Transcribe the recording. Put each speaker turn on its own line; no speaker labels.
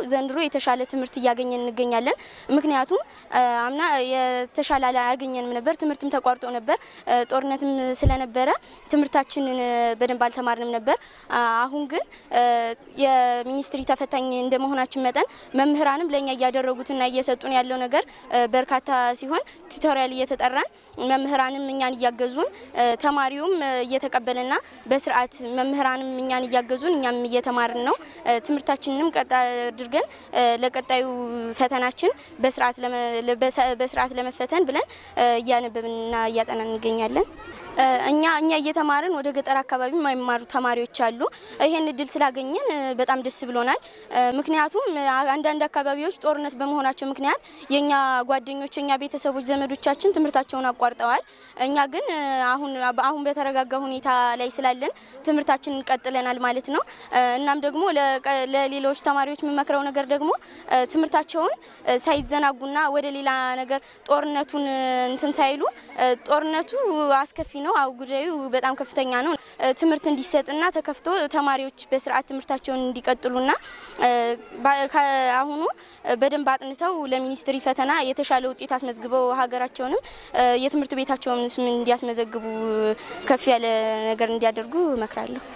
ነው። ዘንድሮ የተሻለ ትምህርት እያገኘን እንገኛለን። ምክንያቱም አምና የተሻለ አላገኘንም ነበር። ትምህርትም ተቋርጦ ነበር፣ ጦርነትም ስለነበረ ትምህርታችንን በደንብ አልተማርንም ነበር። አሁን ግን የሚኒስትሪ ተፈታኝ እንደመሆናችን መጠን መምህራንም ለእኛ እያደረጉትና እየሰጡን ያለው ነገር በርካታ ሲሆን ቱቶሪያል እየተጠራን መምህራንም እኛን እያገዙን ተማሪውም እየተቀበለና በስርዓት መምህራንም እኛን እያገዙን እኛም እየተማርን ነው። ትምህርታችንንም ቀጣ አድርገን ለቀጣዩ ፈተናችን በስርዓት ለመፈተን ብለን እያነበብንና እያጠናን እንገኛለን። እኛ እኛ እየተማርን ወደ ገጠር አካባቢ የማይማሩ ተማሪዎች አሉ። ይሄን እድል ስላገኘን በጣም ደስ ብሎናል። ምክንያቱም አንዳንድ አካባቢዎች ጦርነት በመሆናቸው ምክንያት የእኛ ጓደኞች፣ የኛ ቤተሰቦች፣ ዘመዶቻችን ትምህርታቸውን አቋርጠዋል። እኛ ግን አሁን አሁን በተረጋጋ ሁኔታ ላይ ስላለን ትምህርታችንን ቀጥለናል ማለት ነው። እናም ደግሞ ለሌሎች ተማሪዎች የምመክረው ነገር ደግሞ ትምህርታቸውን ሳይዘናጉና ወደ ሌላ ነገር ጦርነቱን እንትን ሳይሉ ጦርነቱ አስከፊ ነው ነው። አው ጉዳዩ በጣም ከፍተኛ ነው። ትምህርት እንዲሰጥና ተከፍቶ ተማሪዎች በስርዓት ትምህርታቸውን እንዲቀጥሉና አሁኑ በደንብ አጥንተው ለሚኒስትሪ ፈተና የተሻለ ውጤት አስመዝግበው ሀገራቸውንም የትምህርት ቤታቸውን እንዲያስመዘግቡ ከፍ ያለ ነገር እንዲያደርጉ እመክራለሁ።